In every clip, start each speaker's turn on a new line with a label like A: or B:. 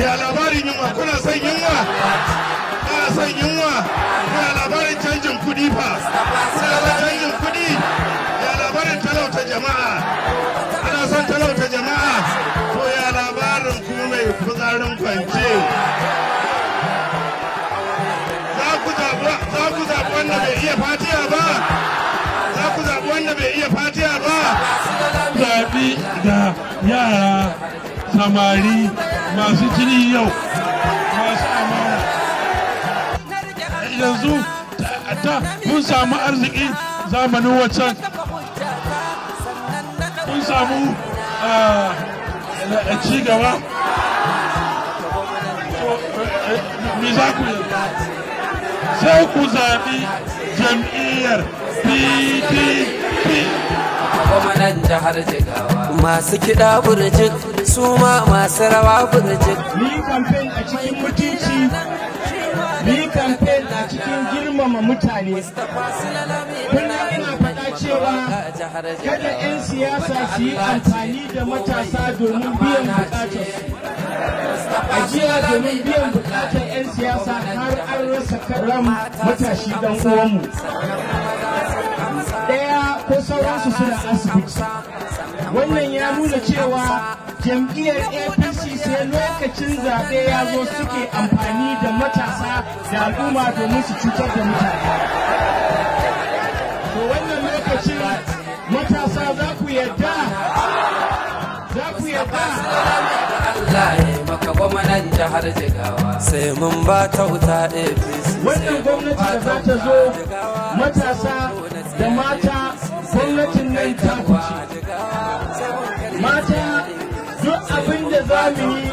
A: ya labarin yunwa kuna son yunwa kuna son yunwa ya labarin canjin kudi fa kuna son canjin kudi ya labarin talauta jama'a ana son talauta jama'a to ya labarin kuma mai kuzarin kwance za ku zaɓi wanda bai iya fatiya ba
B: yara samari masu jini yau masu amana yanzu ta mun samu arziki zamanin waccan mun samu a ah, cigaba za ku sai ku zaɓi jam'iyyar pdp ta har jigawa masu kiɗa burjik su ma masu rawa burjik ni kamfen a cikin mutunci ni kamfen a cikin girmama mutane kullum ina faɗa cewa kada 'yan siyasa su yi amfani da matasa domin biyan bukatarsu ajiya domin biyan bukatar 'yan siyasa har an rasa karam matashi dan uwanmu su suna asibiti
A: wannan ya nuna cewa
B: jam'iyyar apc sai lokacin zaɓe ya zo suke amfani da matasa da al'umma domin su cutar da mutane to wannan lokacin matasa za ku yadda za ku yadda sai mun ba ta wuta wannan gwamnati da za ta zo matasa mata duk abin da za mu yi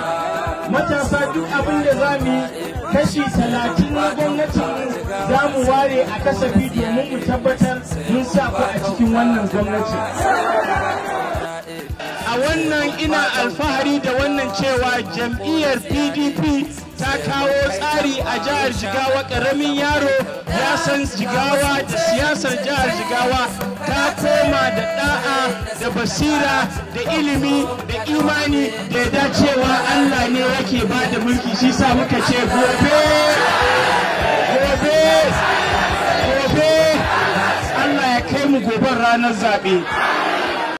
B: matasa duk abin da za mu yi kashi talatin na gwamnatin za mu ware a kasafi domin mu tabbatar mun sa ku a cikin wannan gwamnati a wannan ina alfahari da wannan cewa jam'iyyar pdp ta kawo tsari a jihar jigawa ƙaramin yaro ya san jigawa da siyasar jihar jigawa ta koma da da'a da basira da ilimi da imani da ya dacewa allah ne yake ba da mulki shi sa muka ce gobe gobe gobe allah ya kai mu goben ranar zaɓe